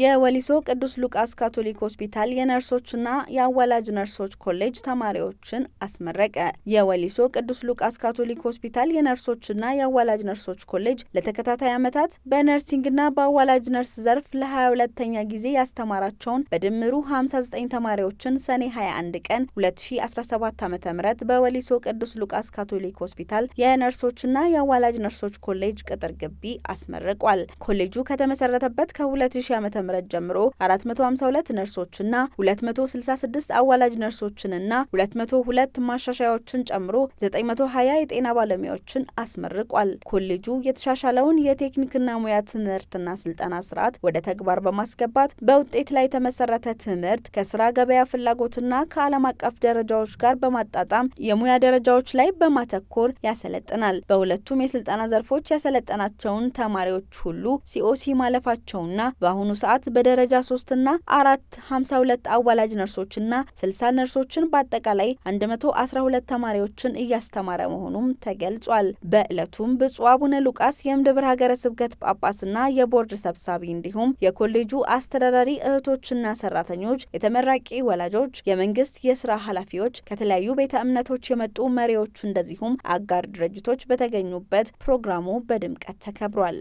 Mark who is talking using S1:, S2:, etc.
S1: የወሊሶ ቅዱስ ሉቃስ ካቶሊክ ሆስፒታል የነርሶችና የአዋላጅ ነርሶች ኮሌጅ ተማሪዎችን አስመረቀ። የወሊሶ ቅዱስ ሉቃስ ካቶሊክ ሆስፒታል የነርሶችና የአዋላጅ ነርሶች ኮሌጅ ለተከታታይ ዓመታት በነርሲንግና በአዋላጅ ነርስ ዘርፍ ለ22ተኛ ጊዜ ያስተማራቸውን በድምሩ 59 ተማሪዎችን ሰኔ 21 ቀን 2017 ዓ.ም በወሊሶ ቅዱስ ሉቃስ ካቶሊክ ሆስፒታል የነርሶችና የአዋላጅ ነርሶች ኮሌጅ ቅጥር ግቢ አስመርቋል። ኮሌጁ ከተመሰረተበት ከ2000 ዓ ጀምሮ 452 ነርሶችና 266 አዋላጅ ነርሶችንና 202 ማሻሻያዎችን ጨምሮ 920 የጤና ባለሙያዎችን አስመርቋል። ኮሌጁ የተሻሻለውን የቴክኒክና ሙያ ትምህርትና ስልጠና ስርዓት ወደ ተግባር በማስገባት በውጤት ላይ የተመሰረተ ትምህርት ከስራ ገበያ ፍላጎትና ከዓለም አቀፍ ደረጃዎች ጋር በማጣጣም የሙያ ደረጃዎች ላይ በማተኮር ያሰለጥናል። በሁለቱም የስልጠና ዘርፎች ያሰለጠናቸውን ተማሪዎች ሁሉ ሲኦሲ ማለፋቸውና በአሁኑ ሰዓት ሰዓት በደረጃ 3 ና 4 52 አዋላጅ ነርሶች ና 60 ነርሶችን በአጠቃላይ 112 ተማሪዎችን እያስተማረ መሆኑም ተገልጿል። በእለቱም ብፁዕ አቡነ ሉቃስ የእምድብር ሀገረ ስብከት ጳጳስ ና የቦርድ ሰብሳቢ እንዲሁም የኮሌጁ አስተዳዳሪ እህቶችና ሰራተኞች፣ የተመራቂ ወላጆች፣ የመንግስት የስራ ኃላፊዎች፣ ከተለያዩ ቤተ እምነቶች የመጡ መሪዎች እንደዚሁም አጋር ድርጅቶች በተገኙበት ፕሮግራሙ በድምቀት ተከብሯል።